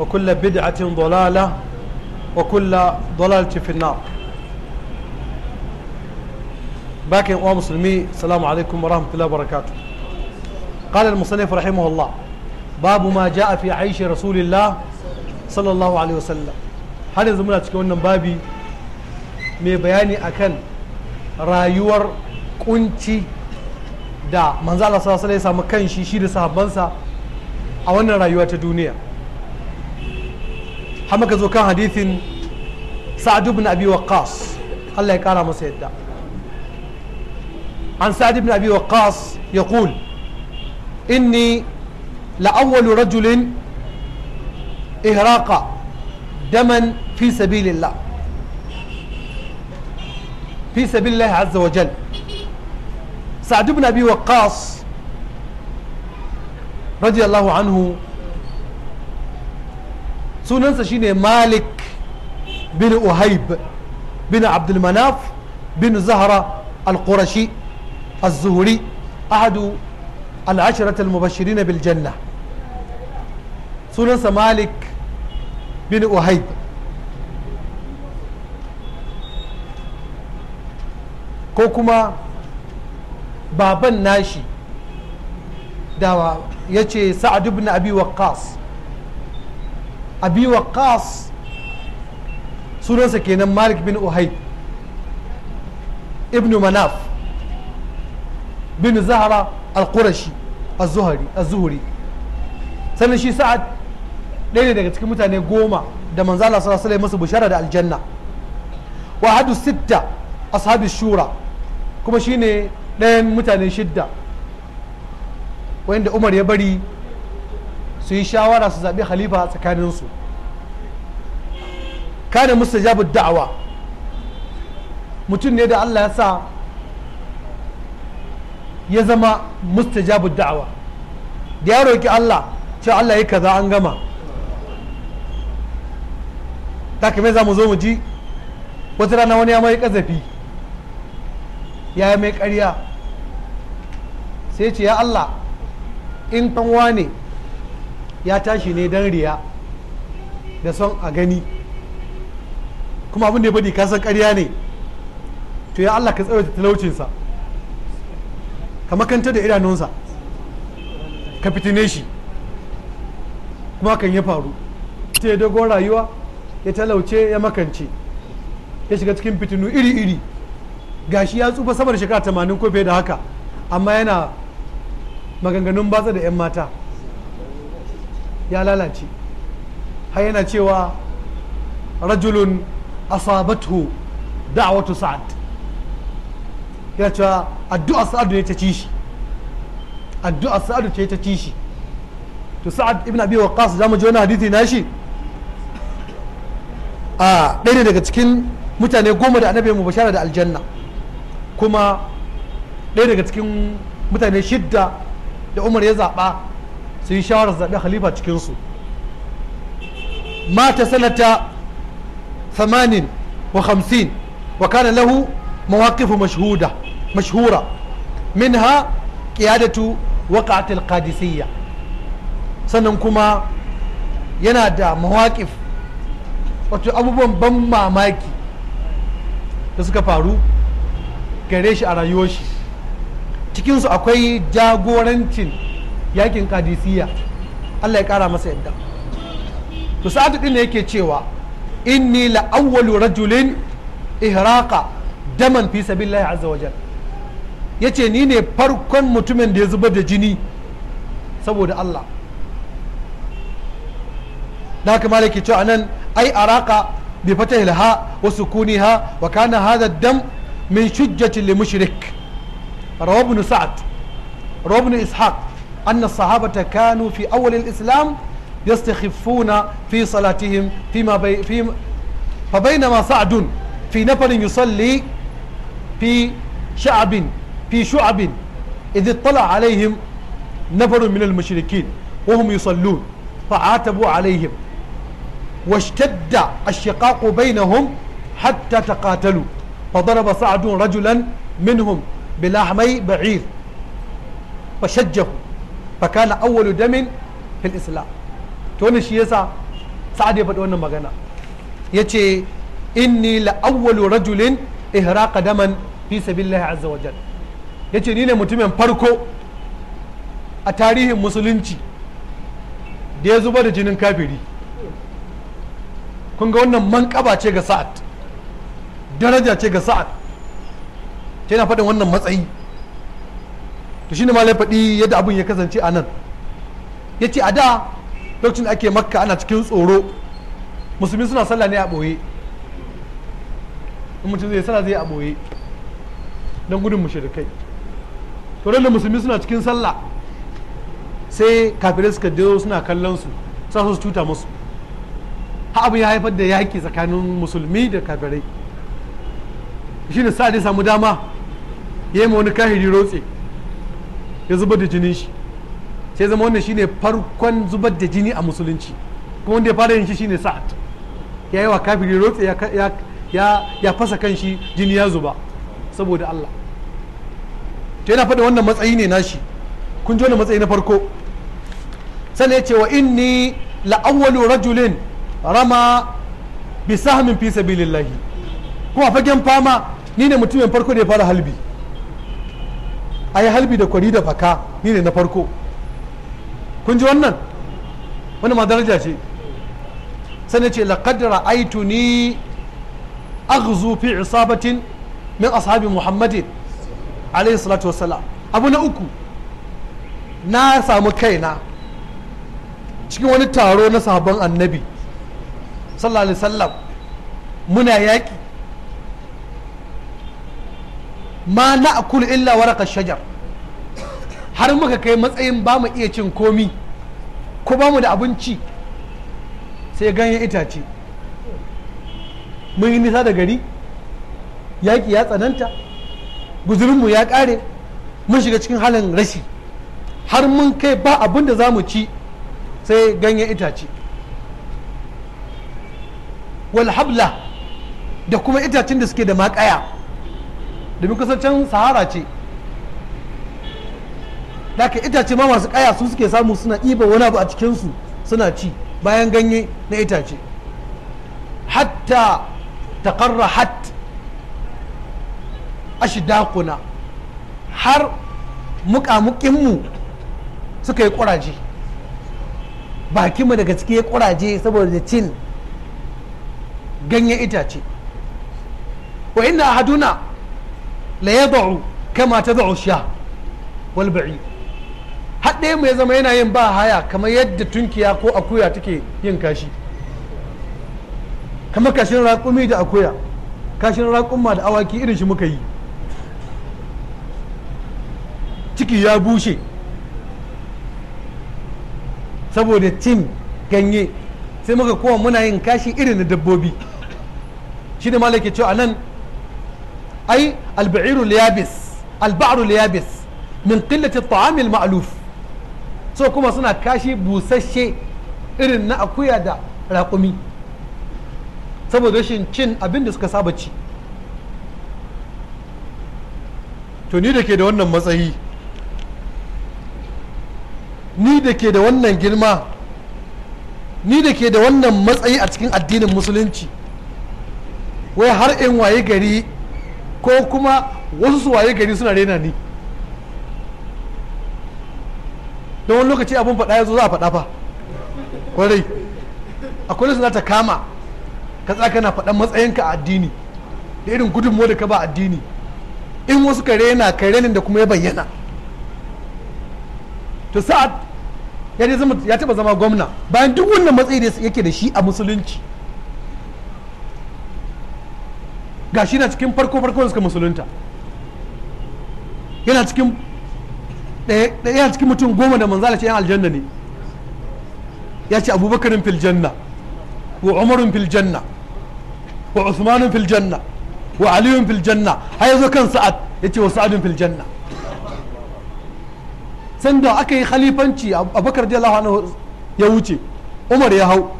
وكل بدعة ضلالة وكل ضلالة في النار باكي أمام مسلمي السلام عليكم ورحمة الله وبركاته قال المصنف رحمه الله باب ما جاء في عيش رسول الله صلى الله عليه وسلم har yanzu muna cikin wannan babi mai bayani akan rayuwar kunci da manzo Allah sallallahu alaihi kan shi shi da sahabbansa a wannan rayuwa ta duniya حمك زوكا حديث سعد بن أبي وقاص الله waqqas Allah عن سعد بن أبي وقاص يقول إني لأول رجل إهراق دما في سبيل الله في سبيل الله عز وجل سعد بن أبي وقاص رضي الله عنه sunansa shine malik bin uhaib bin abdulmanaf bin zahra al-qurashi ahadu al-ashrata al-mubashirin biljanna sunansa malik bin uhaib ko kuma baban nashi da ya ce sa'ad ibn abi waqqas abi waqas sunansa kenan malik bin uhai ibn manaf bin zahara al-qurashi az-zuhri sannan shi sa'ad ɗaya ne daga cikin mutane goma da manzo Allah sallallahu alaihi wasallam bishara da aljanna wa hadu sitta ashabi shura kuma shine ɗayan mutane shidda wanda Umar ya bari su yi shawara su zaɓi halifa a tsakaninsu kana jabu da'awa mutum ne da Allah ya sa ya zama mustajabu da'awa da ya roƙi Allah cewa Allah ya kaza an gama takame za mu zo mu ji wata rana wani ya mai kazafi ya yi mai ƙarya sai ce ya Allah in kanwa wane ya tashi ne don riya da son a gani kuma abin da ya bari kasan ƙarya ne to ya Allah ka da talaucinsa ka makanta da idanunsa ka fitine shi kuma kan ya faru ta ya dogon rayuwa ya talauce ya makance ya shiga cikin fitinu iri-iri gashi ya tsufa sama da shekara 80 ko fiye da haka amma yana maganganun batsa da 'yan mata ya lalace har yana cewa rajulun asabatu da'watu sa'ad yana cewa addu'a sa'adu ne ta ci shi addu'a sa'adu ce ta ci shi to sa'ad ibn abi waqas zamu ji wani hadisi na a ɗaya daga cikin mutane goma da annabi mu bashara da aljanna kuma ɗaya daga cikin mutane shidda da umar ya zaɓa sun yi shawarar zaɓe khalifa cikinsu mata sanata samanin wa hamsin wa kana lahu mawaƙifu mashhuda mashhura minha wa waqa'atil ƙadisiyya sannan kuma yana da mawaƙif wato abubuwan ban mamaki da suka faru gare shi a rayuwar shi cikinsu akwai jagorancin yakin kadisiya Allah ya kara masa yadda to sa'adu din ne yake cewa inni la awwalu rajulin ihraqa daman fi sabilillahi azza wa yace ni ne farkon mutumin da ya zubar da jini saboda Allah da haka malaki cewa anan ai araka bi ha wa sukuniha wa kana hadha dam min shujjatin li mushrik rawabu sa'ad rawabu ishaq أن الصحابة كانوا في أول الإسلام يستخفون في صلاتهم فيما بي في فبينما سعد في نفر يصلي في شعب في شعب إذ اطلع عليهم نفر من المشركين وهم يصلون فعاتبوا عليهم واشتد الشقاق بينهم حتى تقاتلوا فضرب سعد رجلا منهم بلحمي بعير فشجه fakana awwalu damin fil islam to ne shi yasa sa'ad ya faɗi wannan magana yace inni la awwalu rajulin ihraqa daman fi sabilillahi azza wa jalla yace ni ne mutumin farko a tarihin musulunci da ya zuba da jinin kafiri kun ga wannan manƙaba ce ga sa'ad daraja ce ga sa'ad yana faɗin wannan matsayi to shine malai faɗi yadda abin ya kasance a nan ya ce a da lokacin da ake makka ana cikin tsoro musulmi suna sallah ne a ɓoye in mutum zai sallah zai a ɓoye don gudun kai to da musulmi suna cikin sallah sai kafirai suka dawo suna kallon su sa su tuta musu ha abin ya haifar da yaƙi tsakanin musulmi da kafirai shine sa dai samu dama ya yi ma wani kahiri rotse ya zubar da jinin shi sai zama wannan shine farkon zubar da jini a musulunci kuma wanda ya fara yin shi shine sa'ad ya yi wa kafiri rotse ya fasa kan shi jini ya zuba saboda Allah to yana faɗa wannan matsayi ne nashi kun ji wannan matsayi na farko sannan ya ce wa inni la'awwalu rajulin rama bi sahmin fi sabilillahi kuma fagen fama ni ne mutumin farko da ya fara halbi a yi halbi da kwari da faka ni ne na farko kun ji wannan wani ma daraja ce sai ce laqad ra'aytu ni aghzu fi isabatin min ashabi muhammadin alayhi salatu wassalam abu na uku na samu kaina cikin wani taro na sahabban annabi sallallahu alaihi wasallam muna yaki ma na akulu illa waraka shajar har muka kai matsayin ba mu iya cin komi ko ba mu da abinci sai ganyen itace mun yi nisa da gari yaƙi ya tsananta guzurinmu ya ƙare mun shiga cikin halin rashi har mun kai ba abin da za mu ci sai ganyen itace walhabla da kuma itacen da suke da maƙaya domin kusancin sahara ce da itace ma masu kaya su suke samu suna ɗiba wani abu a cikinsu suna ci bayan ganye na itace hatta taƙarra hat ashidakuna har mukamukinmu suka yi ƙuraje bakinmu daga ciki ya ƙuraje saboda cin ganyen itace wa inna haduna la yad'u kama tad'u sha wal ba'i hadde ya zama yana yin ba haya kamar yadda tunkiya ko akuya take yin kashi kama kashin raƙumi da akuya kashin raƙuma da awaki irin shi muka yi ciki ya bushe saboda cin ganye sai muka kowa muna yin kashi irin na dabbobi shi ne malaka cewa a nan ai البعير اليابس البعر اليابس من قلة الطعام المألوف سو kuma suna kashi busasshe irin na akuya da raƙumi saboda rashin cin abin da suka saba ci to wannan matsayi ni da ke da wannan matsayi a cikin addinin musulunci wai har in waye gari ko kuma wasu su waye gari suna rena ni don wani lokaci abin faɗa ya zo za a faɗa fa kwarai akwai suna ta kama ka tsaka na faɗan matsayinka a addini da irin gudunmu da ka ba addini in wasu ka rena ka renin da kuma ya bayyana to sa'ad ya taɓa zama gwamna bayan duk wannan matsayi da yake da shi a musulunci gashi na cikin farko farko suka musulunta yana cikin ɗaya cikin mutum goma da manzala ce yan aljanna ne ya ce abubakarin filjanna janna wa umarun filjanna janna wa usmanun filjanna janna wa aliyun filjanna janna har yanzu kan sa'ad ya ce wa sa'adun filjanna janna sanda aka yi khalifanci abubakar radiyallahu anhu ya wuce umar ya hau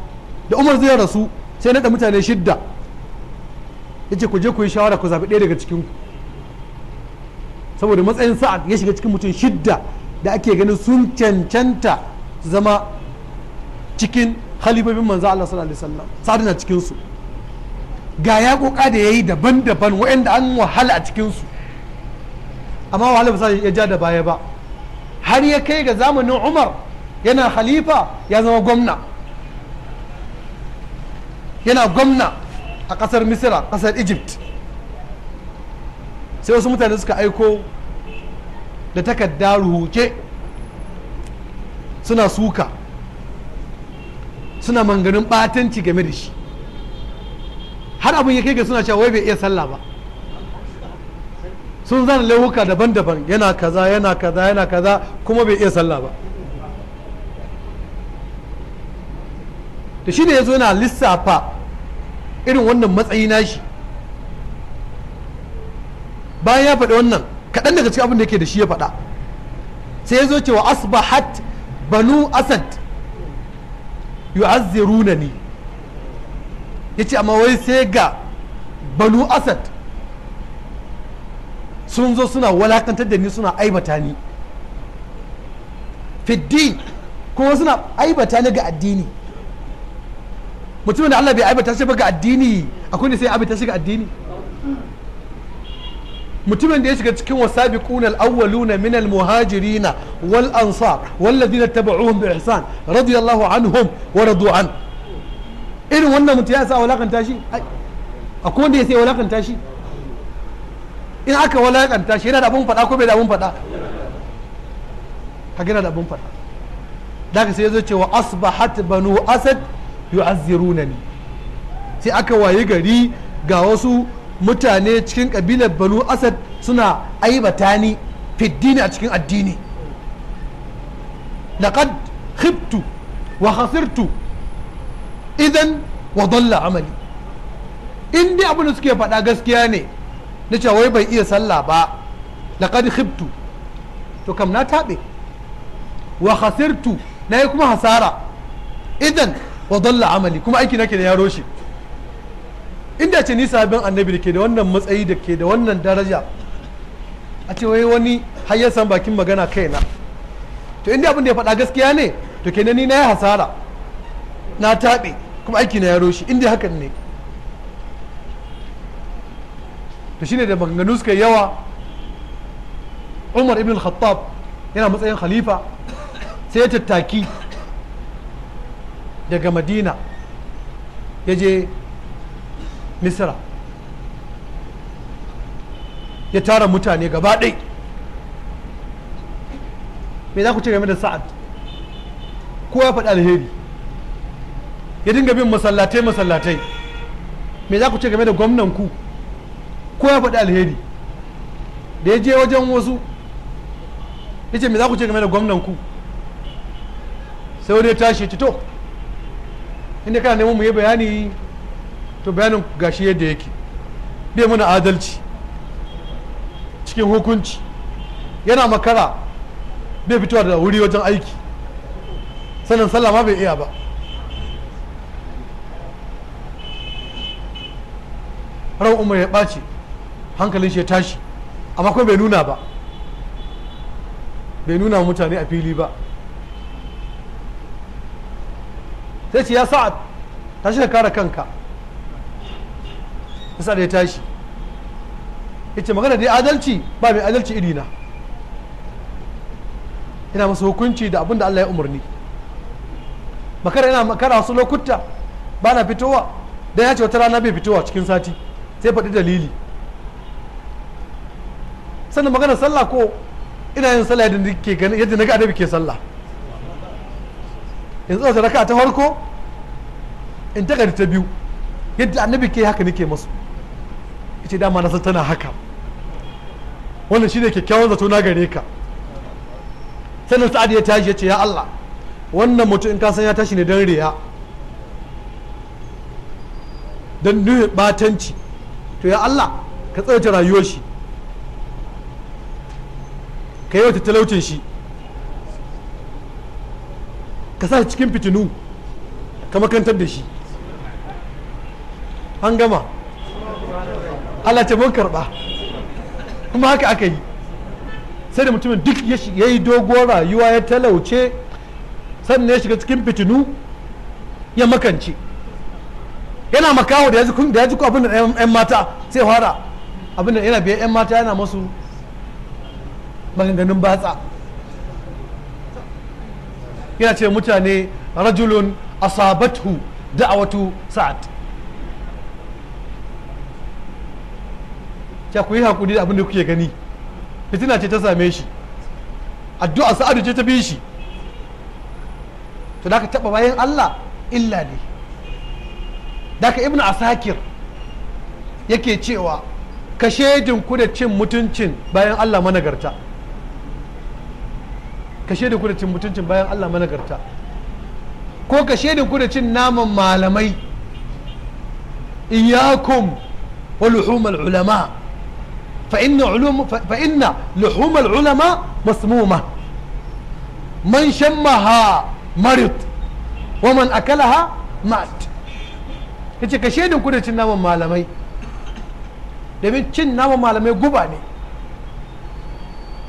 da umar zai rasu sai naɗa mutane shidda ya ce ku je ku yi shawara ku zaɓi ɗaya daga cikin saboda matsayin sa'ad ya shiga cikin mutum shidda da ake ganin sun cancanta zama cikin halifofin manzo Allah sallallahu alaihi wasallam sa'ad na cikin su ga ya koka da yayi daban-daban waɗanda an wahala a cikin su amma wahala ba ya ja da baya ba har ya kai ga zamanin Umar yana halifa ya zama gwamna yana gwamna a ƙasar misira ƙasar egypt sai wasu mutane suka aiko da takarda rubuce suna suka suna manganin batanci game da shi har abin ya kai ga suna cewa wai bai iya sallah ba sun zana laihuka daban-daban yana kaza yana kaza yana kaza kuma bai iya sallah ba da shi ne ya zo yana lissafa irin wannan matsayi nashi bayan ya faɗi wannan kaɗan daga cikin abin da yake da shi ya faɗa sai ya zo cewa asbahat banu asad yu'azziruna ni ya ce amma wai sai ga banu asad sun zo suna walakantar da ni suna aibata ni fiddi kuma suna aibata ni ga addini mutumin da Allah bai aibata shi ba ga addini akwai ne sai aibata shi ga addini mutumin da ya shiga cikin wasabiquna al-awwaluna min al-muhajirina wal ansar wal ladina tabi'uhum bi ihsan radiyallahu anhum wa radu an irin wannan mutum ya sa walakanta shi akwai wanda ya sai walakanta shi in aka walakanta shi yana da abun faɗa ko bai da abun faɗa ka gina da abun faɗa da ka sai ya zo cewa asbahat banu asad yu'azzirunani sai aka wayi gari ga wasu mutane cikin kabilar banu asad suna aibata ni fiddini a cikin addini laqad khibtu wa khasirtu idan wa dalla amali in dai abin da suke faɗa gaskiya ne na cewa wai bai iya sallah ba laqad khibtu to kam na taɓe wa khasirtu na yi kuma hasara idan wa dalla amali kuma aiki nake da yaro shi inda ce ni sabin annabi da ke da wannan matsayi da ke da wannan daraja a ce wai wani har ya san bakin magana kaina to inda abin da ya faɗa gaskiya ne to kenan ni na yi hasara na taɓe kuma aiki na yaro shi inda hakan ne to shine da maganganu suka yawa umar ibn al-khattab yana matsayin khalifa sai ya tattaki daga madina ya je misira ya tara mutane gaba ɗai me za ku ce game da sa'ad kowa ya faɗi alheri ya dinga bin masallatai masallatai me za ku ce game da gwamnan ku kowa ya faɗi alheri da ya je wajen wasu ya ce me za ku ce game da gwamnan ku sai wani ya tashi ya ci to inda kana neman mu yi bayani to bayanin gashi yadda yake bai muna adalci cikin hukunci yana makara bai fitowa da wuri wajen aiki sannan sallah ma bai iya ba rau umar ya ɓaci hankalin shi ya tashi amma kuma bai nuna ba bai nuna mutane a fili ba sai ce ya sa'ad tashi ka kare kanka da ya tashi ya ce magana dai adalci ba mai adalci iri na ina masa hukunci da abin da Allah ya umarni makara ina makara wasu lokuta ba na fitowa dan ya ce wata rana bai fitowa cikin sati sai faɗi dalili sannan magana sallah ko ina yin sallah yadda na ga adabi ke sallah in a raka ta farko in ta ta biyu yadda annabi ke haka nake masu ita dama na san tana haka wannan shine kyakkyawan zato na gare ka sannan sa'ad ya tashi ya ce ya Allah wannan mutum in ka san ya tashi ne don riya don nuna batanci to ya Allah ka tsawata rayuwar shi ka yi wata talaucin shi ka sa cikin fitinu ka makantar da shi an gama Allah ce mun karba kuma haka aka yi sai da mutumin duk ya yi doguwar rayuwa ya talauce sannan ya shiga cikin fitinu ya makance yana makawo da ya ji abin da 'yan mata sai fara abin da yana biya 'yan mata yana masu maganganun batsa yana ce mutane rajulun asabathu da'awatu sa'ad ya ku yi hakuri da abin da kuke gani fitina ce ta same shi addu'a sa'adu ce ta bi shi to da ka bayan Allah illa ne da ka ibnu asakir yake cewa ka shaidin ku da cin mutuncin bayan Allah managarta ka shaida ku da cin mutuncin bayan Allah managarta ko ka shaida ku da cin naman malamai iyakum wa luhumul ulama fa inna ulum fa inna luhumul ulama masmuma man shammaha marid wa man akalaha mat yace ka shaida ku da cin naman malamai domin cin naman malamai guba ne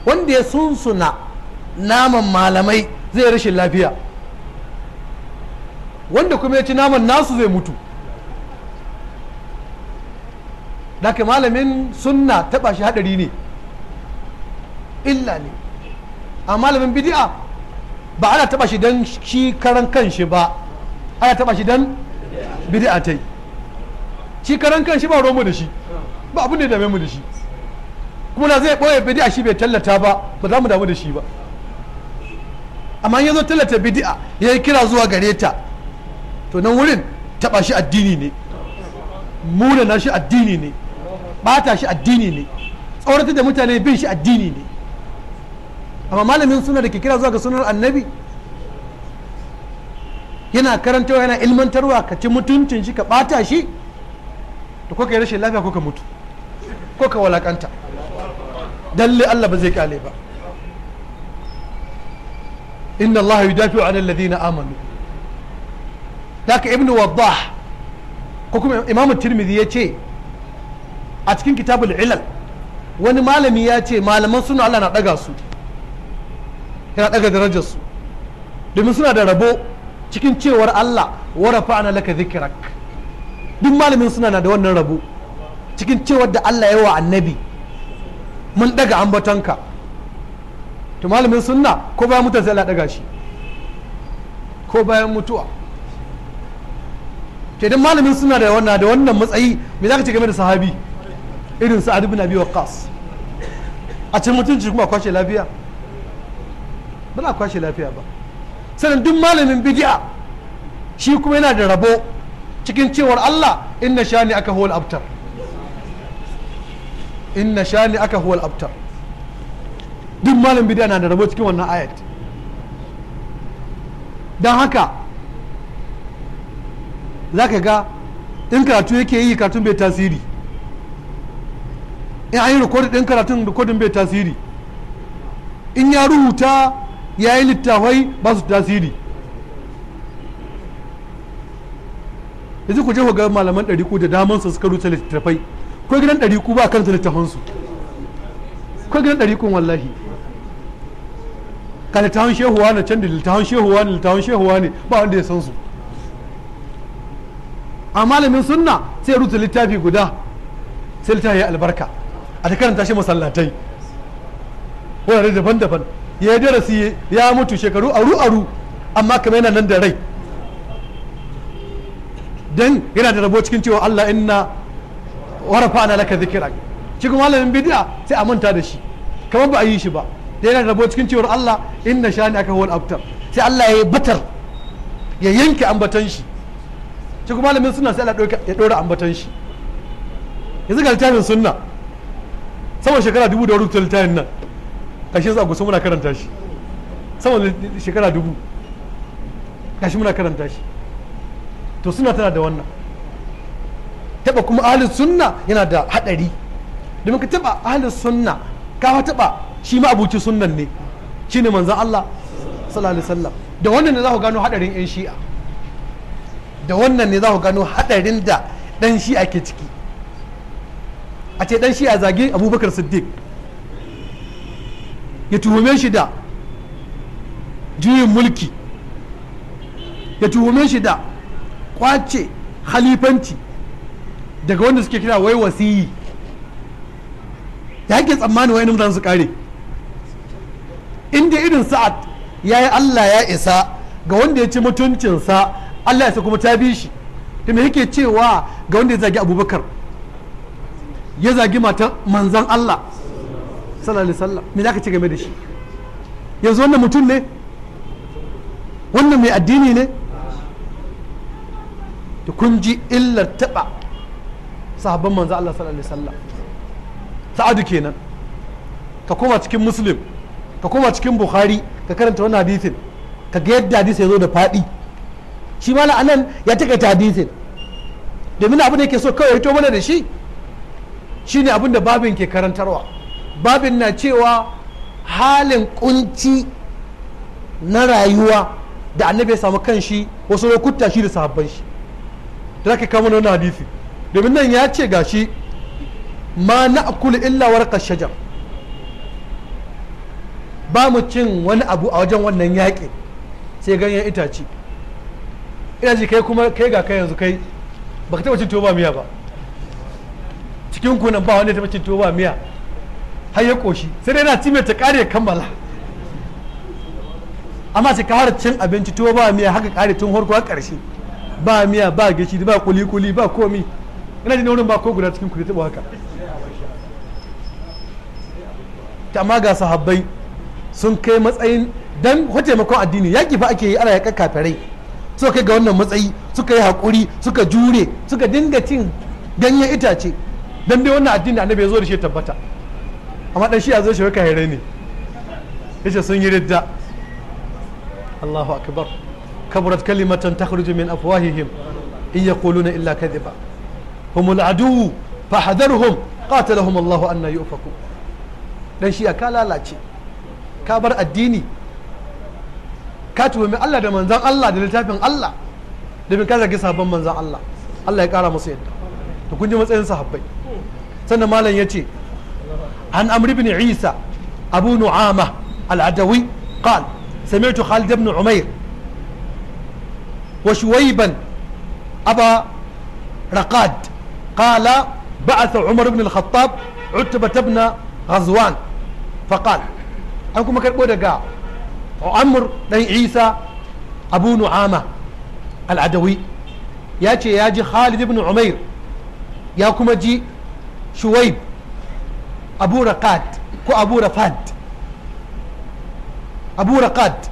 wanda ya sunsuna naman malamai zai rashin lafiya wanda kuma ya ci naman nasu zai mutu daga malamin sunna taɓa shi haɗari ne illa ne a malamin bidi'a ba ana taɓa shi don shi karan kan shi ba ana taɓa shi don bidi'a ta yi shi karan kan shi ba romo da shi ba abin da ya dame mu da shi kuma na zai ɓoye bidi'a shi bai tallata ba ba za mu damu da shi ba amma ya zo tallata bidi'a ya yi kira zuwa gare ta to nan wurin taɓa shi addini ne muna na shi addini ne ɓata shi addini ne tsoratar da mutane bin shi addini ne amma malamin suna da ke kira zuwa ga sunan annabi yana karantawa yana ilmantarwa ka ci mutuncin shi ka ɓata shi to ko ka yi rashin lafiya ko ka mutu ko ka walakanta dalle Allah ba zai kyale ba inna Allah yudafi an alladhina amanu haka ibn waddah ko kuma imam tirmidhi ya ce a cikin kitabul ilal wani malami ya ce malaman suna Allah daga su yana daga darajar su domin suna da rabo cikin cewar Allah wa rafa'ana laka dhikrak duk malamin suna na da wannan rabo cikin cewar da Allah ya wa annabi mun daga ambatanka. to malamin sunna ko bayan mutuwa sai Allah daga shi ko bayan mutuwa to idan malamin suna da wannan da wannan matsayi me zaka ce game da sahabi irin sa'ad ibn abi waqqas a cikin mutunci kuma kwashe lafiya ba na kwashe lafiya ba sannan duk malamin bid'a shi kuma yana da rabo cikin cewar Allah inna shani aka huwal abtar inna shani aka huwal abtar duk malam bidiya na da rabo cikin wannan ayat don haka za ka ga in karatu yake yi karatun bai tasiri in an yi rikodin ɗin karatun rikodin bai tasiri in ya rubuta ya yi littafai ba su tasiri yanzu ku je ku ga malaman ɗariku da daman su suka rusa littattafai ko gidan ɗariku ba su littafansu ko gidan ɗarikun wallahi ka littafin shehuwa na can da littafin shehuwa ne littafin shehuwa ne ba wanda ya san su a malamin sunna sai rubuta littafi guda sai littafi ya albarka a ta karanta shi masallatai wurare daban-daban ya yi darasi ya mutu shekaru aru-aru amma kamar yana nan da rai don yana da rabo cikin cewa Allah inna warafa na laka zikira cikin malamin bidiya sai a manta da shi kamar ba a yi shi ba da yana rabo cikin cewar Allah inna shani aka huwal abtar sai Allah ya yi batar ya yanke ambatan shi shi kuma malamin sunna sai Allah ya dora ambatan shi yanzu ga littafin sunna saman shekara dubu da rubuta littafin nan kashe za ku muna karanta shi saman shekara dubu kashi muna karanta shi to suna tana da wannan taba kuma ahalin sunna yana da hadari domin ka taba ahalin sunna ka taba shi ma abuci sunan ne shine manzan Allah sallallahu da wannan ne za ku gano hadarin yan shi'a da wannan ne za ku gano hadarin da dan shi'a ke ciki a ce dan shi'a zage abubakar siddiq ya tuhume shi da juyin mulki ya tuhume shi da kwace halifanci daga wanda suke kira wai wasiyi ya ke tsammanin wayannan mutane su kare inda irin sa'ad ya yi Allah ya isa ga wanda ya ci mutuncinsa Allah ya sa kuma ta bi shi to mai yake cewa ga wanda ya zagi abubakar ya zagi matan manzan Allah sallallahu alaihi wasallam me zaka ci game da shi yanzu wannan mutum ne wannan mai addini ne Da kun ji illar taba sahabban manzan Allah sallallahu alaihi sa'adu kenan ka koma cikin musulmi ka koma cikin bukhari ka karanta wani hadisin ka ga yadda hadisin ya zo da faɗi shi ma anan ya takaita hadisin domin abin da yake so kawai to mana da shi shine abin da babin ke karantarwa babin na cewa halin kunci na rayuwa da annabi ya samu kan shi wasu lokuta shi da sahabban shi da ka kama wani hadisi domin nan ya ce gashi ma na akulu illa warqa shajar ba mu cin wani abu a wajen wannan yaƙi sai ganyen itace ina ji kai kuma kai ga kai yanzu kai ba ka taɓa cin tuwo ba miya ba cikin kunan ba wani taɓa cin tuwo ba miya har ya ƙoshi sai dai na ci mai ta ƙare kammala amma sai ka har cin abinci tuwo ba miya haka ƙare tun farko har ƙarshe ba miya ba gishiri ba kuli-kuli ba komi ina ji wurin ba ko guda cikin ku taɓa haka ta amma ga sahabbai sun kai matsayin dan taimakon addini yaki fa ake yi ana yaƙa kafirai suka kai ga wannan matsayi suka yi haƙuri suka jure suka dinga cin ganyen itace dan dai wannan addini annabi ya zo da shi tabbata amma dan shi ya zo shi ka hare ne yace sun yi ridda Allahu akbar kaburat kalimatan takhruju min afwahihim in yaquluna illa kadhiba humul adu fahdharhum qatalahum Allahu anna yufaku dan shi ya ka lalace ka bar addini ka tuhumi Allah da manzan Allah da littafin Allah domin ka zagi sabon manzan Allah Allah ya kara musu yadda to kun ji matsayin sahabbai sannan malam ya ce an amri bin isa abu nu'ama al-adawi qal sami'tu khalid ibn umair wa shuwayban aba raqad qala بعث عمر بن الخطاب عتبة بن غزوان فقال an kuma karɓo daga amur ɗan isa abu nu'ama al'adawi ya ce ya ji khalid ibn umair ya kuma ji shuwaib abu raqat ko abu rafat abu raqat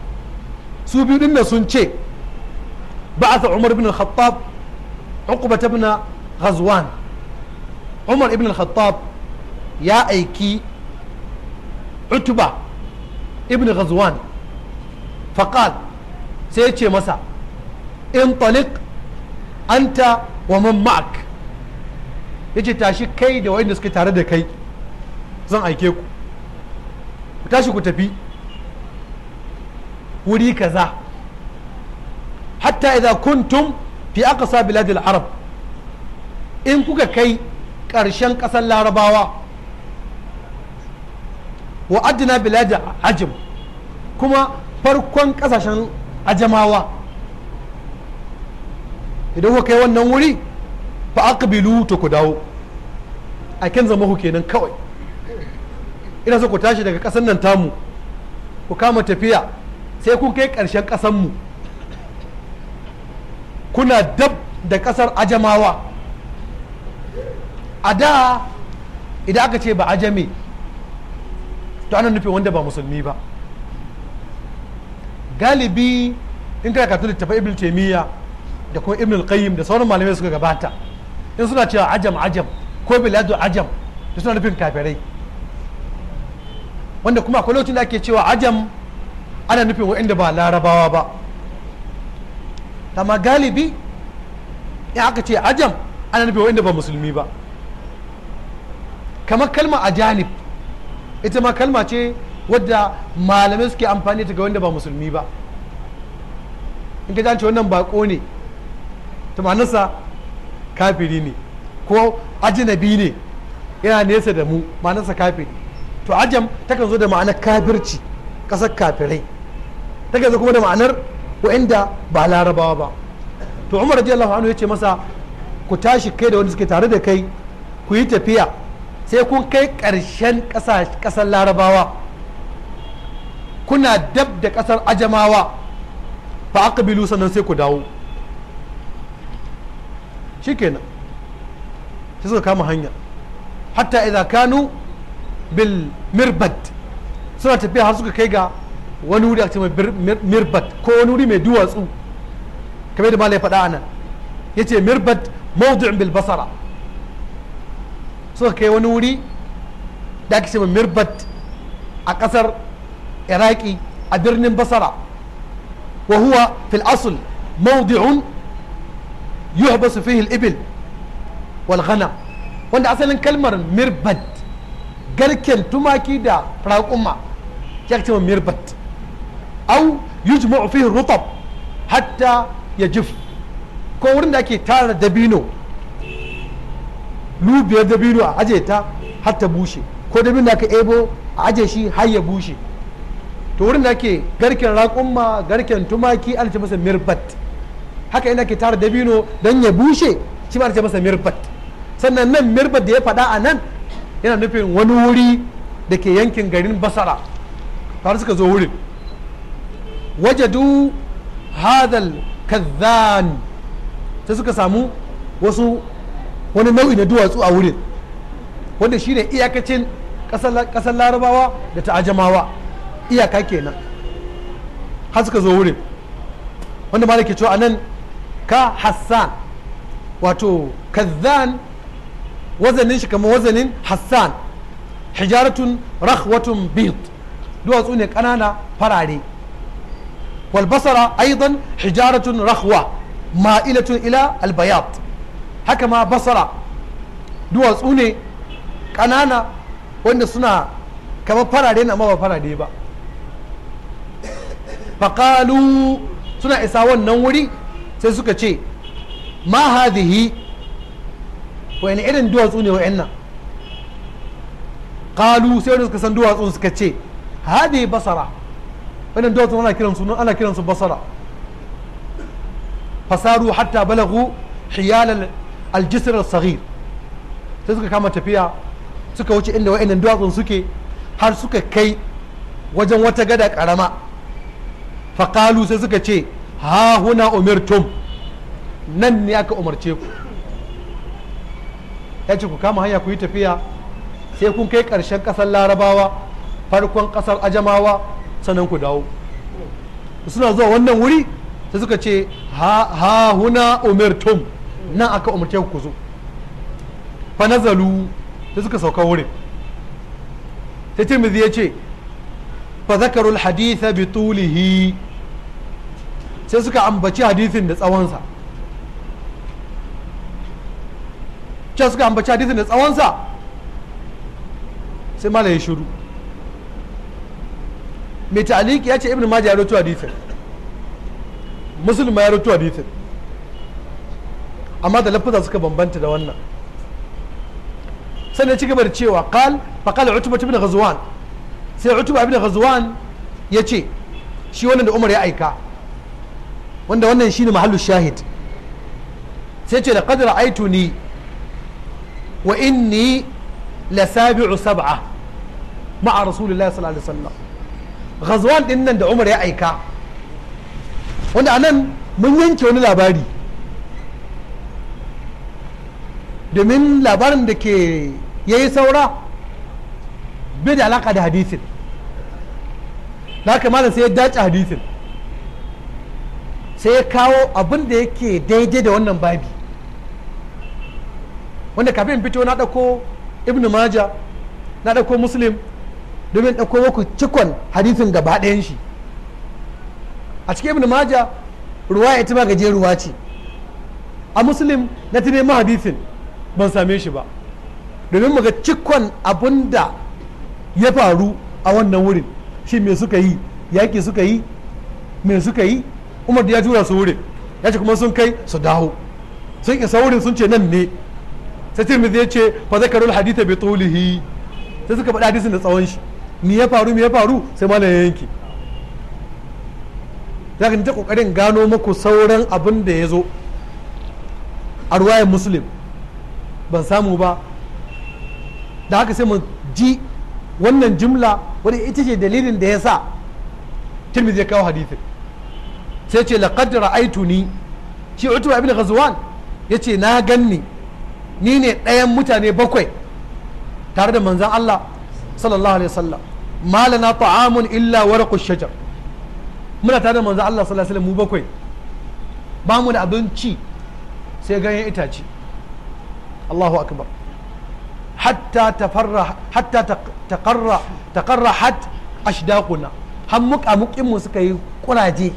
su biyu dinna sun ce ba'atha umar ibn al-khattab uqbat ibn ghazwan umar ibn al-khattab ya aiki utuba ibn ghazwan faqal sai yace masa in talik anta wa man ma'ak yace tashi kai da wanda suke tare da kai zan aike ku ku tashi ku tafi wuri kaza hatta idza kuntum fi sa biladil arab in kuka kai ƙarshen ƙasar larabawa wa adina biladi ajim kuma farkon kasashen ajamawa idan kuka kai wannan wuri fa aqbilu to ku dawo a kan zama ku kenan kawai ina so ku tashi daga kasan nan tamu ku kama tafiya sai kun kai karshen kasan mu kuna dab da kasar ajamawa a da idan aka ce ba ajami to ana nufin wanda ba musulmi ba galibi in kana karatu littafin ibn taimiyya da kuma ibn al-qayyim da sauran malamai suka gabata in suna cewa ajam ajam ko biladu ajam da suna nufin kafirai wanda kuma akwai lokacin da ake cewa ajam ana nufin wa'inda ba larabawa ba amma galibi in aka ce ajam ana nufin wa'inda ba musulmi ba kamar kalmar ajanib ita ma kalma ce wadda malamai suke amfani ta ga wanda ba musulmi ba in ka ce wannan bako ne ta tumaninsa kafiri ne ko ajinabi ne yana nesa da mu ma'anarsa kafiri to ajam takan zo da ma'anar kafirci ƙasar kafirai takan zo kuma da ma'anar wa'inda ba larabawa ba to umar radiyallahu anhu ya ce masa ku tashi kai da wanda suke tare da kai ku yi tafiya sai kun kai ƙarshen ƙasar larabawa kuna dab da ƙasar ajamawa fa aka bilu sannan sai ku dawo shi kenan sai suka kama hanya hatta idan kanu bil suna tafiya har suka kai ga wani wuri a ce mai mirbat ko wani wuri mai duwatsu kamar da malai faɗa anan ya ce mirbat mawdu'in bil basara suka kai wani wuri da ake cewa mirbat a ƙasar iraki a birnin basara wa huwa fil asul mawdi'un yuhbasu fihi al-ibil wal wanda asalin kalmar mirbat garken tumaki da raƙuma ya ce mirbat au yujma'u fihi rutab hatta yajif ko wurin da ake tara dabino lubiyar dabino a aje ta har ta bushe ko dabino da aka ebo a aje shi har ya bushe to wurin da ake garken raƙumma garken tumaki ana ce masa mirbat haka ina ke tara dabino don ya bushe shi ma ana ce masa mirbat sannan nan mirbat da ya faɗa a nan yana nufin wani wuri da ke yankin garin basara tare suka zo wurin wajadu hadal kazan sai suka samu wasu wani nau'i na duwatsu a wurin wanda shine iyakacin kasar larabawa da ta'ajamawa iyaka kenan har suka zo wurin wanda ma ke cewa anan ka hassan wato kazan wazanin shi kamar wazanin hassan hijaratun rahwatun bid duwatsu ne ƙanana farare والبصرة أيضا حجارة رخوة مائلة إلى البياض haka ma basara duwatsu ne ƙanana wanda suna kamar farare na ba farare ba faƙalu suna isa wannan wuri sai suka ce ma hadhihi wani irin duwatsu ne wa'in nan ƙalu sai wani suka san duwatsu suka ce hadhihi basara wannan duwatsu ana kiransu ana kiransu basara fasaru hatta balagu hiyalal aljisir al sai suka kama tafiya suka wuce inda wa'annan duwatsun suke har suka kai wajen wata gada karama faƙalu sai suka ce ha huna umirtum nan ne aka umarce ku ya ce ku kama hanya ku yi tafiya sai kun kai karshen ƙasar larabawa farkon ƙasar ajamawa sannan ku dawo suna zuwa wannan wuri sai suka ce ha huna umirtum nan aka umarce ku zo fa nazalu sai suka sauka wurin sai tirmidhi ya ce fa zakarul haditha bi tulihi sai suka ambaci hadithin da tsawonsa ce suka ambaci hadithin da tsawonsa sai mala ya shiru mai ta'aliki ya ce ibn majah ya rawaito hadithin musulma ya rawaito hadithin amma da lafuza suka bambanta da wannan sannan ci gaba da cewa qal fa qala utba ibn ghazwan sai utba ibn ghazwan ce shi wannan da umar ya aika wanda wannan shi ne mahallu shahid sai ce da qad ni wa inni la sabi'u sab'a ma'a rasulillahi sallallahu alaihi wasallam ghazwan din nan da umar ya aika wanda anan mun yanke wani labari domin labarin da ke ya yi saura bai da alaka da hadisin da haka sai ya dace hadisin sai ya kawo abin da yake daidai da wannan babi wanda kafin fito na ɗauko ibn maja na ɗauko muslim domin ɗauko muku cikon hadisin gaba ɗayan shi a cikin ibn maja ruwa ya ci ma ruwa ce a muslim na tuni ma hadisin ban same shi ba domin muga cikon abun da ya faru a wannan wurin shi me suka yi yaƙi suka yi me suka yi umar da ya tura su wurin ya ce kuma sun kai su dawo sun isa wurin sun ce nan ne sai tirmidhi ya ce fa zakarul haditha bi tulihi sai suka faɗi hadisin da tsawon shi me ya faru me ya faru sai malam ya yanke zaka ta kokarin gano muku sauran abin da ya zo a ruwayan muslim ban samu ba da haka sai mu ji wannan jumla wadda ita ce dalilin da ya sa tirmidhi ya kawo hadithin sai ce laqad ni shi utba ibn ghazwan yace na ganni ni ne ɗayan mutane bakwai tare da manzan Allah sallallahu alaihi wasallam malana ta'amun illa warqu shajar muna tare da manzan Allah sallallahu alaihi wasallam mu bakwai ba mu da abinci sai ganyen itace Allahu akbar hatta tafarra hatta taqarra taqarra hat ashdaquna har muƙamuƙin mu suka yi kuraje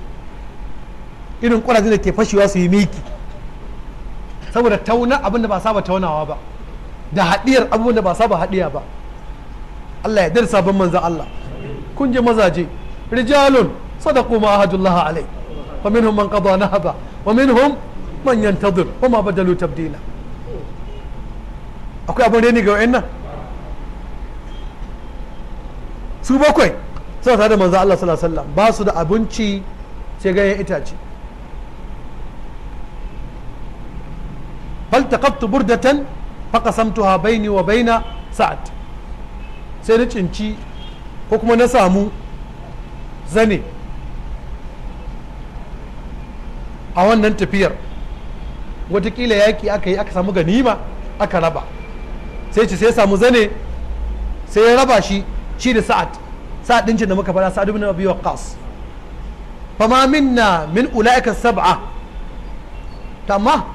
irin kuraje da ke fashewa su yi miki saboda tauna abin da ba saba taunawa ba da haɗiyar abubuwan da ba saba haɗiya ba Allah ya dar sabon manzan Allah kun je mazaje rijalun sadaqu ma ahadullah alai wa minhum man qada nahaba wa minhum man yantazir wa ma badalu tabdila akwai abin reni ga nan su bakwai suna tare da manzan Allah sallallahu ba su da abinci sai ganyen itace faltaqattu burdatan faqasamtuha baini wa baina sa'ad sai na cinci ko kuma na samu zane a wannan tafiyar watakila yaƙi aka yi aka samu ganima aka raba sai ce sai ya samu zane sai ya raba shi shi da sa'ad sa'ad ɗin da muka fara sa'ad ibn abi waqqas fa ma minna min ulaika sab'a tamma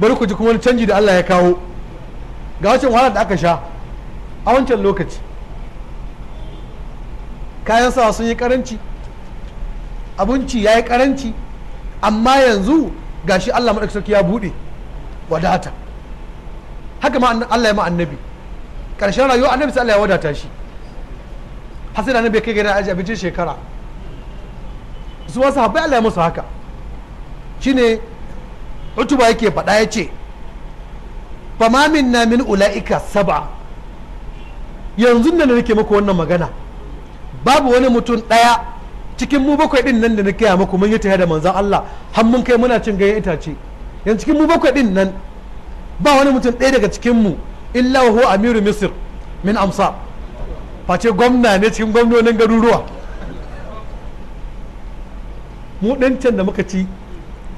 bari ku ji kuma canji da Allah ya kawo ga wancan wahala da aka sha a wancan lokaci kayan sawa sun yi karanci abinci ya yi karanci amma yanzu gashi Allah maɗauki ya buɗe wadata haka ma Allah ya ma annabi karshen rayuwa annabi sai Allah ya wadata shi har sai annabi kai gidan aji abincin shekara su wasu haɓai Allah ya musu haka shine utuba yake faɗa ya ce famamin na min ula'ika saba yanzu da nake muku wannan magana babu wani mutum ɗaya cikin mu bakwai ɗin nan da nake ya muku mun yi tare da manzon Allah har mun kai muna cin gaya itace yanzu cikin mu bakwai ɗin nan ba wani mutum ɗaya daga cikinmu illa wa amiru misir min amsa face gwamna ne cikin gwamnonin garuruwa mu ɗancan da muka ci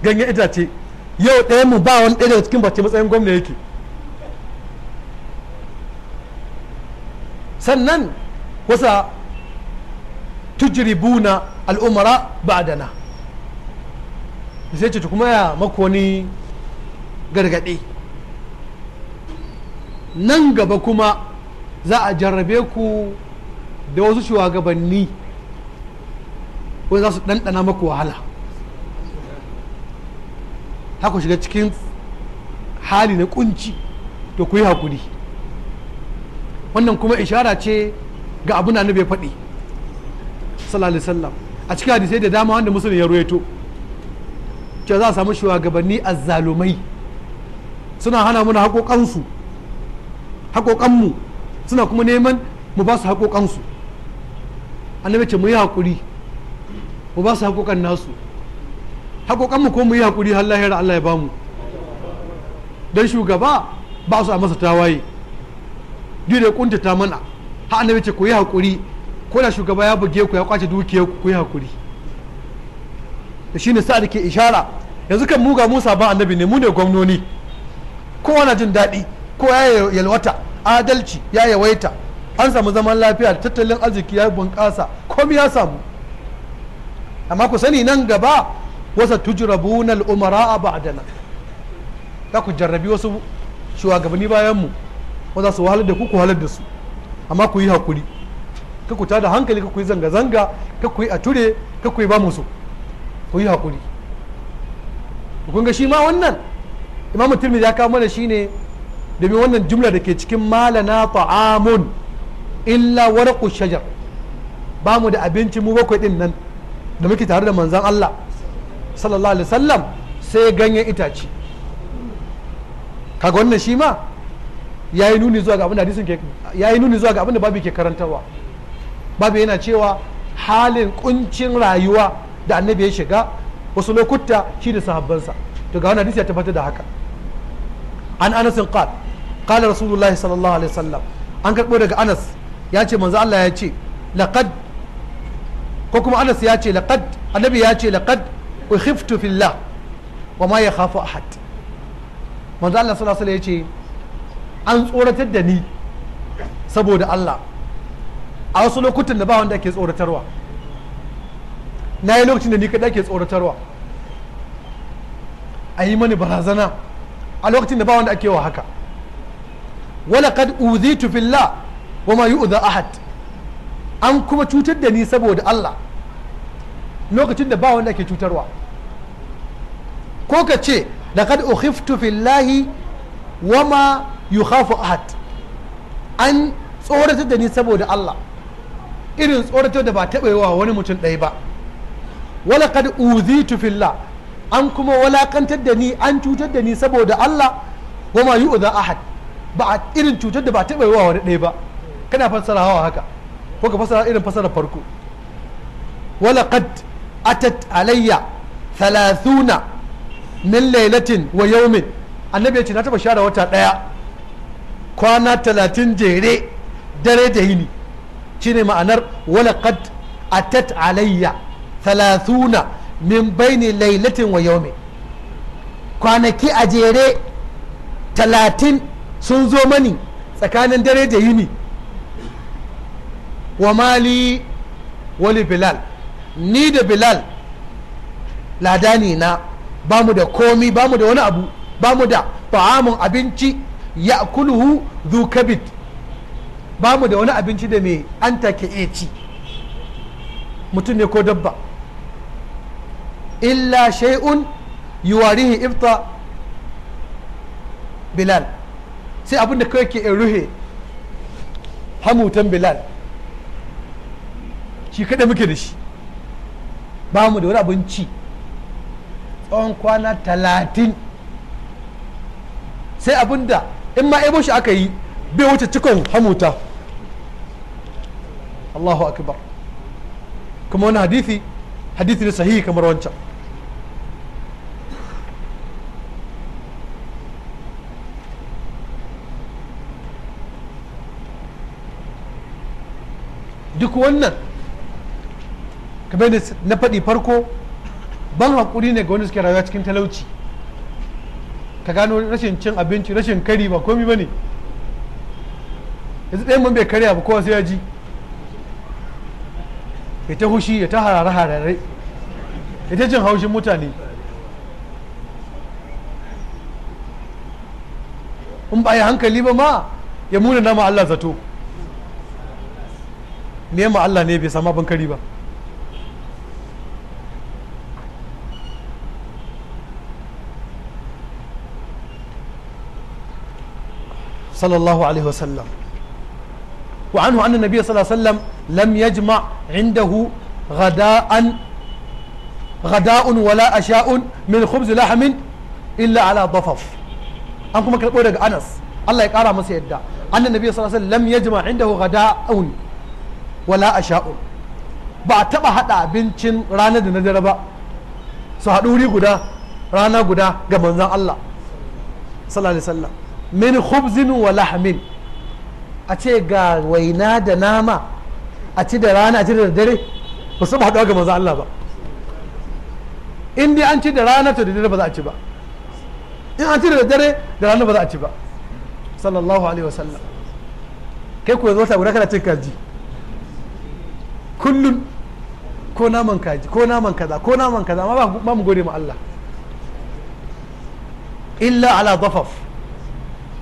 ganyen itace yau ɗaya mu ba wani ɗaya daga cikin face matsayin gwamna yake sannan wasa tujribuna al'umara ba'dana sai ce kuma ya makoni gargaɗe nan gaba kuma za a jarrabe ku da wasu shugabanni wanda za su ɗanɗana maku wahala haka shiga cikin hali na kunci to ku yi hakuri wannan kuma ishara ce ga abin da ya faɗi sallallahu alaihi wasallam a cikin hadisai da dama wanda musulun ya ruwaito cewa za a samu shugabanni azzalumai suna hana mana haƙoƙansu haƙoƙanmu suna kuma neman mu ba su haƙoƙansu annabi ce mu yi haƙuri mu ba su haƙoƙan nasu haƙoƙanmu ko mu yi haƙuri har lahira Allah ya bamu don shugaba ba su a masa tawaye duk da kuntata mana har annabi ce ku yi haƙuri ko da shugaba ya buge ku ya kwace dukiyar ku ku yi haƙuri da shine sa'ad ke ishara yanzu kan muga musa ba annabi ne mu ne gwamnoni kowa na jin daɗi ko ya yalwata adalci ya yawaita an samu zaman lafiya tattalin arziki ya bunƙasa komai ya samu amma ku sani nan gaba wasa tujrabuna na umara a ba'dana za ku jarrabi wasu shugabanni bayan mu wanda su wahalar da ku ku halar da su amma ku yi hakuri ka ku tada hankali ka ku yi zanga zanga ka ku yi a ture ka ku yi ba musu ku yi hakuri kun ga shi ma wannan imamu tirmidhi ya kawo mana shine domin wannan jumla da ke cikin malana ta'amun illa warqu shajar ba mu da abinci mu bakwai din nan da muke tare da manzan Allah sallallahu alaihi wasallam sai ganyen itace kaga wannan shi ma yayi nuni zuwa abin da hadisin ke nuni zuwa ga abin da babu ke karantarwa babu yana cewa halin kuncin rayuwa da annabi ya shiga wasu lokuta shi da sahabbansa to ga wannan hadisi ya tabbatar da haka an anasin qala qala rasulullahi sallallahu alaihi wasallam an karbo daga anas ya ce manzo Allah ya ce laqad ko kuma anas ya ce laqad annabi ya ce laqad wa ma yakhafu ahad manzo Allah sallallahu ya ce an tsoratar da ni saboda Allah a wasu lokutan da ba wanda ake tsoratarwa na yi lokacin da ni kaɗai ke tsoratarwa a yi mani barazana a lokacin da ba wanda ake wa haka wala kad uzitu fillah wa ma yu'za ahad an kuma cutar da ni saboda Allah lokacin da ba wanda ke cutarwa ko ka ce laqad ukhiftu fillahi wa ma yukhafu ahad an tsoratar da ni saboda Allah irin tsoratar da ba taɓa yi wa wani mutum ɗaya ba wala kad uzitu fillah an kuma walakantar da ni an cutar da ni saboda Allah wa ma yu'za ahad ba a irin cutar da ba taɓa yi wa wani ɗaya ba kana fassara hawa haka ko ka fassara irin fassara farko wala qad atat alayya 30 min lailatin wa yawmin annabi ya ce na taɓa share wata ɗaya kwana talatin jere dare da yini shine ma'anar wala qad atat alayya 30 min baini lailatin wa yawmin kwanaki a jere talatin sun zo mani tsakanin dare da yini wa mali wali bilal ni da bilal ladani na ba mu da komi ba mu da wani abu ba mu da abinci ya kuluhu zukabit ba mu da wani abinci da mai an take ci mutum ne ko dabba illa shay'un yuwarihi ifta bilal sai abin da kawai ke in ruhe hamutan bilal shi kada muke da shi ba mu da wani abinci tsawon kwana talatin sai abin da in ma ebo shi aka yi bai wuce cikon hamuta allahu akbar kuma wani hadithi hadithi ne sahihi kamar wancan duk wannan kamar da na faɗi farko ban haƙuri ne ga wani suke rayuwa cikin talauci ka gano rashin cin abinci rashin kari ba komi ba ne yanzu ɗaya mun bai karya ba kowa sai ya ji ya ta hushi ya ta harare-harare ya ta jin haushin mutane in ba ya hankali ba ma ya muna nama Allah zato nema Allah ne bai samu abin ba sallallahu alaihi wasallam wa anhu anna nabiy sallallahu alaihi wasallam lam yajma indahu غداء غداء ولا أشاء من خبز لحم إلا على ضفف أنكم كتبوا أنس الله يقرأ ما سيدا أن النبي صلى الله عليه وسلم لم يجمع عنده غداء wala asha'u ba a taba hada abincin rana da na dare ba su haɗu wuri guda rana guda ga manzan Allah sallallahu alaihi wasallam min khubzin wa lahmin a ce ga waina da nama a ci da rana a ci da dare ba su haɗuwa ga manzan Allah ba in dai an ci da rana to da dare ba za a ci ba in an ci da dare da rana ba za a ci ba sallallahu alaihi wasallam kai ku yanzu ta guda kana cin kaji kullun ko naman kaji ko naman kaza ko naman kaza amma ba mu gode ma Allah illa ala dhafaf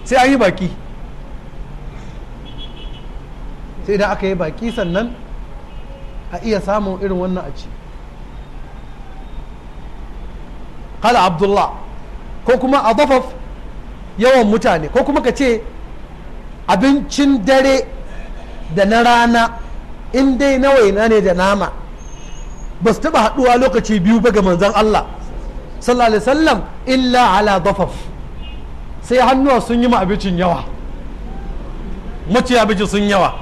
sai an yi baki sai da aka yi baki sannan a iya samun irin wannan a ci kala abdullah ko kuma a dhafaf yawan mutane ko kuma ka ce abincin dare da na rana in dai na waina ne da nama ba su taɓa haɗuwa lokaci biyu ba ga manzan Allah sallallahu alaihi wasallam illa ala dafaf sai hannuwa sun yi ma abincin yawa mace abincin sun yawa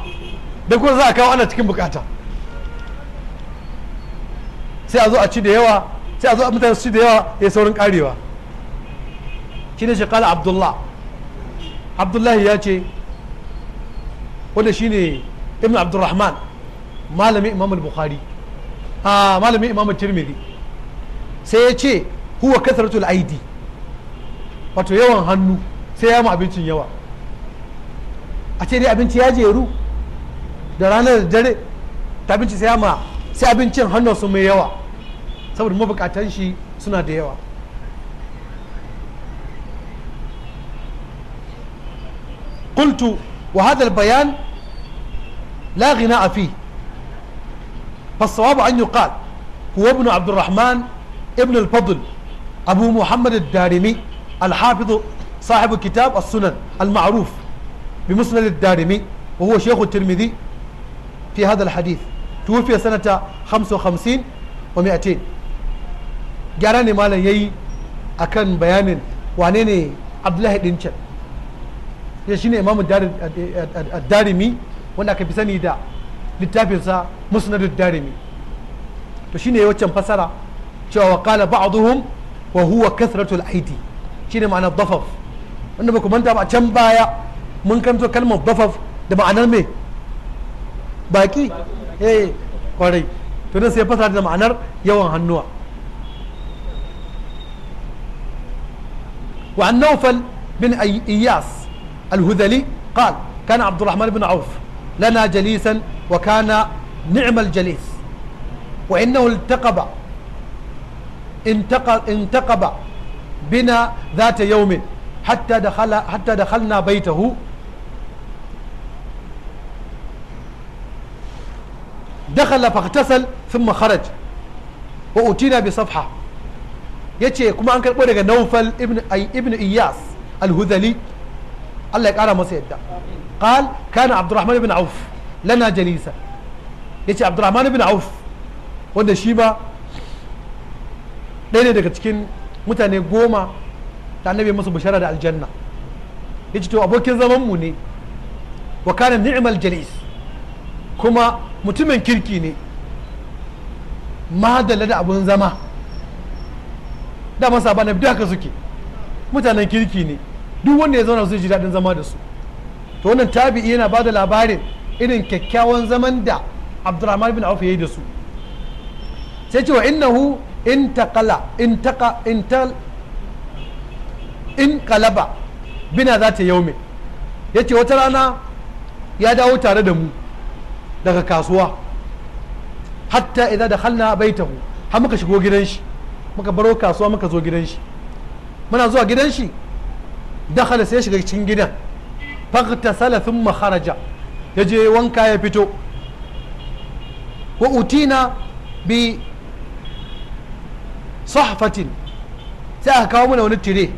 da kuma za a kawo ana cikin bukata sai a zo a ci da yawa sai a zo a mutane su ci da yawa ya saurin karewa shi shi shekala abdullah abdullahi ya ce wanda shine ibn abdurrahman malamin imam al-bukhari a malami imam tirmidhi sai ya ce huwa kasratul aidi wato yawan hannu sai ya mu abincin yawa a ce dai abinci ya jeru da ranar da dare ta abinci sai ya ma sai abincin hannun sun mai yawa saboda mabukatan shi suna da yawa قلت وهذا البيان لا غناء فيه فالصواب أن يقال هو ابن عبد الرحمن ابن الفضل أبو محمد الدارمي الحافظ صاحب كتاب السنن المعروف بمسند الدارمي وهو شيخ الترمذي في هذا الحديث توفي سنة 55 و200 جاراني مالا يي أكن بيان وانيني عبد الله دينشن شيء إمام الدارمي وأنا كبسني ده littafinsa musnadud darimi to shine waccan fasara cewa wa qala ba'dhum wa huwa kathratul aidi shine ma'anar dafaf wanda ba ku manta ba can baya mun kanto kalmar dafaf da ma'anar me baki eh kwarai to nan sai fasara da ma'anar yawan hannuwa وعن نوفل بن إياس الهذلي قال كان عبد الرحمن بن عوف لنا جليسا وكان نعم الجليس وإنه التقب انتقب, انتقب بنا ذات يوم حتى, دخل حتى دخلنا بيته دخل فاغتسل ثم خرج وأتينا بصفحة yace kuma an karɓo daga naufal ibn iyas al-hudhali allah ya ƙara masa yadda قال كان عبد الرحمن بن عوف لنا جليسة يتي عبد الرحمن بن عوف wanda shi ba ɗaya daga cikin mutane goma ta annabi masu bishara da aljanna ya ce to abokin zamanmu ne wa kana ni'mal jalis kuma mutumin kirki ne madalla da abun zama da masa ba na haka suke mutanen kirki ne duk wanda ya zauna su ji daɗin zama da su to wannan tabi'i yana ba da labarin irin kyakkyawan zaman da abdurrahman bin auf ya yi da su sai cewa innahu in taqala in taqa in tal in qalaba bina za ta yaume yace wata rana ya dawo tare da mu daga kasuwa hatta idza dakhalna baitahu har muka shigo gidan shi muka baro kasuwa muka zo gidan shi muna zuwa gidan shi dakhala sai shiga cikin gidan faghtasala thumma kharaja yaje wanka ya fito wa utina bi sahfatin sai aka kawo mana wani tire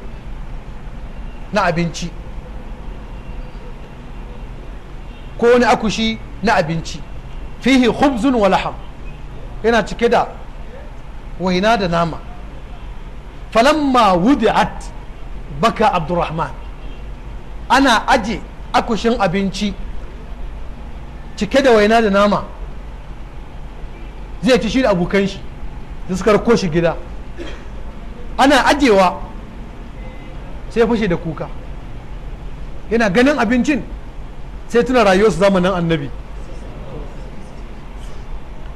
na abinci ko wani akushi na abinci fihi khubzun wa laham yana cike da waina da nama falamma wudi'at baka abdurrahman ana aje akushin abinci cike da waina da nama zai ci shi da abokan shi da suka rako shi gida ana ajewa sai fashe da kuka yana ganin abincin sai tuna su zamanin annabi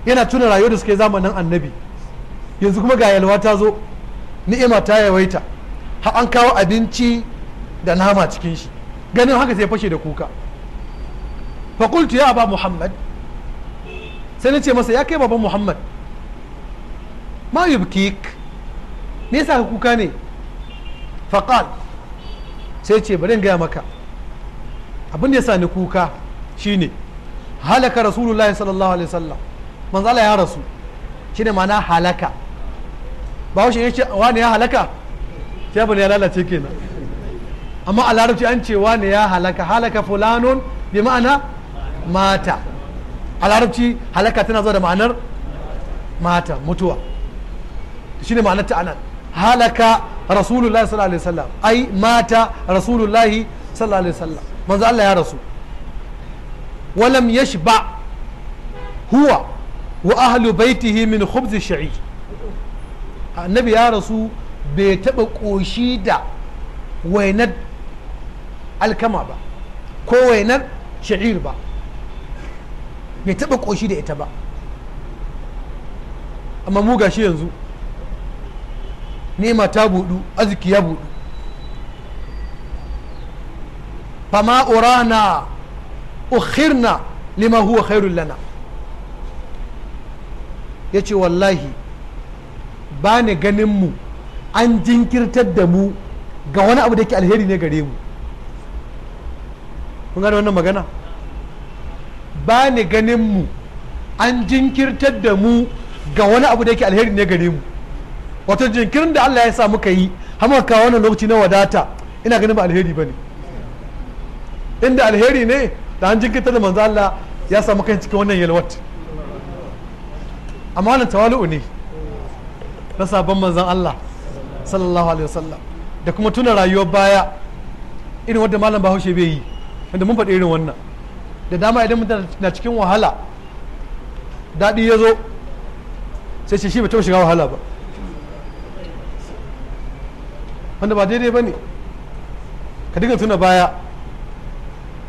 yana tuna rayuwar da suke zamanin annabi yanzu kuma ga yalwa ta zo ni'ima ta yawaita har an kawo abinci da nama cikin shi ganin haka sai fashe da kuka fakultu ya ba muhammad sai na ce masa ya kai baban muhammad ma yubkik ne yasa ka kuka ne faqal sai ce bari gaya maka abin da sa ni kuka shine halaka rasulullahi sallallahu alaihi wasallam manzala ya rasu shine ma'ana halaka ba shi wa wani ya halaka sai ya lalace kenan amma a larabci an ce ne ya halaka halaka fulanun bi ma'ana mata a larabci halaka tana zuwa da ma'anar mata mutuwa shine ma'anar ta anan halaka rasulullahi sallallahu alaihi wasallam ai mata rasulullahi sallallahu alaihi wasallam manzo Allah ya rasu walam yashba huwa wa ahlu baitihi min khubz sha'i annabi ya rasu bai taba koshi da wainar alkama ba ko wainar sha'ir ba bai taɓa ƙoshi da ita ba amma mu gashi yanzu nema ta buɗu arziki ya buɗu fama urana ukhirna lima huwa khairul lana ya ce wallahi ba ni ganin mu an jinkirtar da mu ga wani abu da ke alheri ne gare mu kun gane wannan magana ba ni ganin mu an jinkirtar da mu ga wani abu da yake alheri ne gare mu wato jinkirin da Allah ya sa muka yi har ka wannan lokaci na wadata ina ganin ba alheri ba ne inda alheri ne da an jinkirtar da manzo Allah ya muka yi cikin wannan yalwat amma wannan tawali'u ne na sabon manzon Allah sallallahu alaihi wasallam da kuma tuna rayuwar baya irin wadda malam Bahaushe bai yi wanda mun faɗi irin wannan da dama idan mutum na cikin wahala daɗi ya zo sai ce shi bai taɓa shiga wahala ba wanda ba daidai ba ne ka dinga tuna baya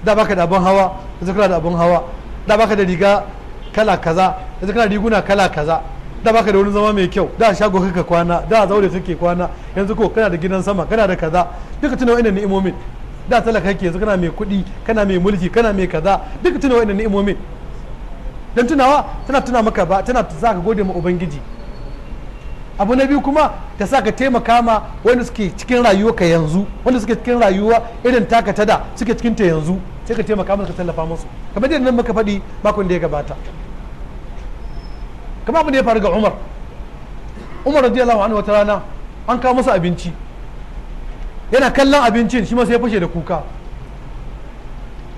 da baka da abin hawa yanzu kana da abin hawa da baka da riga kala kaza yanzu kana riguna kala kaza da baka da wurin zama mai kyau da shago kaka kwana da zaure kake kwana yanzu ko kana da gidan sama kana da kaza duka tuna wa'annan ni'imomin da talaka yake yanzu kana mai kuɗi kana mai mulki kana mai kaza duk tuna wa'annan ni'imomi dan tunawa tana tuna maka ba tana za ka gode ma ubangiji abu na biyu kuma ta sa ka taimaka ma wanda suke cikin rayuwa ka yanzu wanda suke cikin rayuwa irin taka ta da suke cikin ta yanzu sai ka taimaka musu ka tallafa musu kamar yadda nan muka faɗi makon da ya gabata kamar abin da ya faru ga umar umar radiyallahu anhu wata rana an kawo masa abinci yana kallon abincin shi ma sai fashe da kuka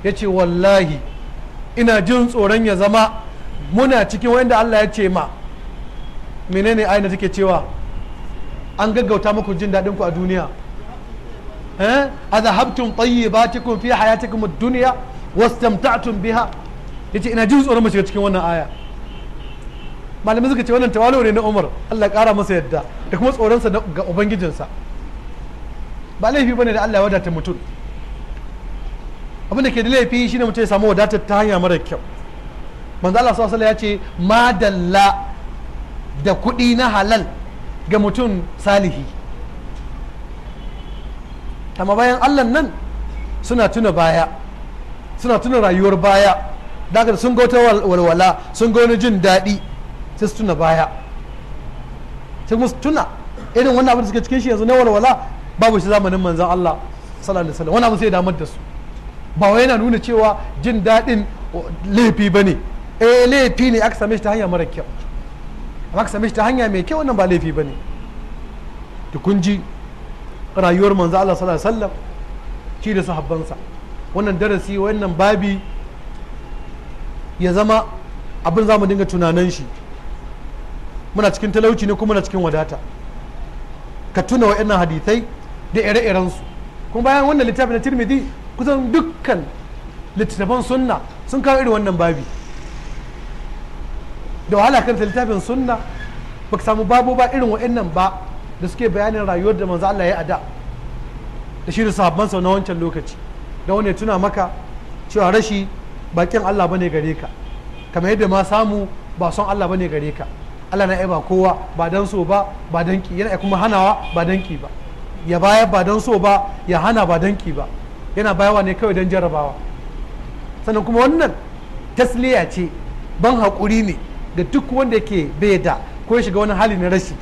ya ce wallahi ina jin tsoron ya zama muna cikin wanda Allah ya ce ma menene aina take cewa an gaggauta muku jin daɗin ku a duniya eh azhabtum tayyibatikum fi hayatikum ad-dunya wastamta'tum biha yace ina jin tsoron mu shiga cikin wannan aya malamai suka ce wannan tawalo ne na Umar Allah ya kara masa yadda da kuma tsoron sa ga ubangijinsa ba laifi bane da Allah ya wadata mutum abin da ke da laifi shine mutum ya samu wadatar ta hanya mara kyau manzo Allah sallallahu ya ce madalla da kuɗi na halal ga mutum salihi amma bayan Allah nan suna tuna baya suna tuna rayuwar baya daga sun ga wata walwala sun ga wani jin daɗi sai su tuna baya sai kuma su tuna irin wannan abin da suke cikin shi yanzu na walwala babu shi zamanin manzan Allah sallallahu alaihi wasallam wani abu sai damar da su ba wai yana nuna cewa jin daɗin laifi ba ne eh laifi ne aka same shi ta hanya mara kyau amma aka same shi ta hanya mai kyau wannan ba laifi ba ne kun ji rayuwar manzan Allah sallallahu alaihi wasallam shi da sahabbansa wannan darasi wannan babi ya zama abin za mu dinga tunanan shi muna cikin talauci ne kuma muna cikin wadata ka tuna wa'annan hadithai da ire-irensu kuma bayan wannan littafi na tirmidhi kusan dukkan littattafan sunna sun kawo irin wannan babi da wahala kanta littafin sunna baka samu babu ba irin wa'annan ba da suke bayanin rayuwar da manzo Allah ya ada da shi da sahabban sau na wancan lokaci da wani tuna maka cewa rashi bakin Allah bane gare ka kamar yadda ma samu ba son Allah bane gare ka Allah na ba kowa ba dan so ba ba don ki yana kuma hanawa ba dan ki ba ya baya ba don so ba ya hana ba don ki ba yana bayawa ne kawai don jarabawa sannan kuma wannan tasliya ce ban haƙuri ne da duk wanda yake bai da ko ya shiga wani hali na rashi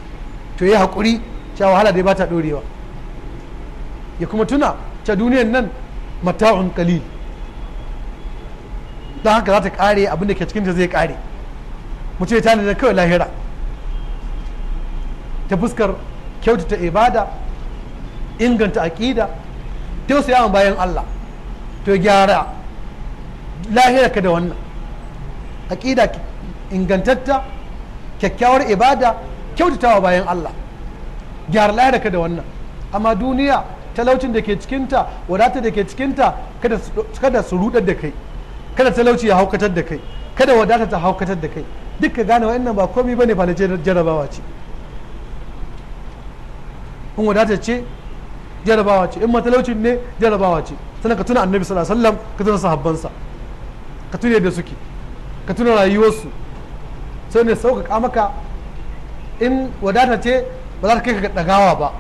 to ya haƙuri cewa wahala dai ba ta ɗorewa ya kuma tuna ce duniyan nan mata'un kalil don haka za ta ƙare da ke cikin ta zai ƙare mu ce ta da kawai lahira ta fuskar kyautata ibada inganta aƙida tausayawa bayan Allah to gyara lahira ka da wannan aƙida ingantatta kyakkyawar ibada kyautatawa bayan Allah gyara lahira ka da wannan amma duniya talaucin da ke cikinta wadata da ke cikinta kada su rudar da kai kada talauci ya haukatar da kai kada wadata ta haukatar da kai duk ka gane wa'annan ba komai ne ba na jarabawa ce in wadata ce jarabawa ce in matalaucin ne jarabawa ce sannan ka tuna annabi sallallahu alaihi wasallam ka tuna sahabbansa ka tuna da suke ka tuna rayuwarsu sai ne sauƙaƙa maka in wadata ce ba za ta kai ka ɗagawa ba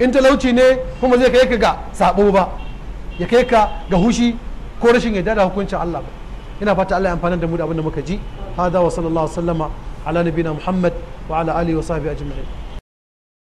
in talauci ne kuma zai kai ka ga sabo ba ya kai ka ga hushi ko rashin yarda da hukuncin Allah ba ina fata Allah ya amfana da mu da abin da muka ji hada wa sallallahu alaihi wasallama ala nabina muhammad wa ala alihi wa sahbihi ajma'in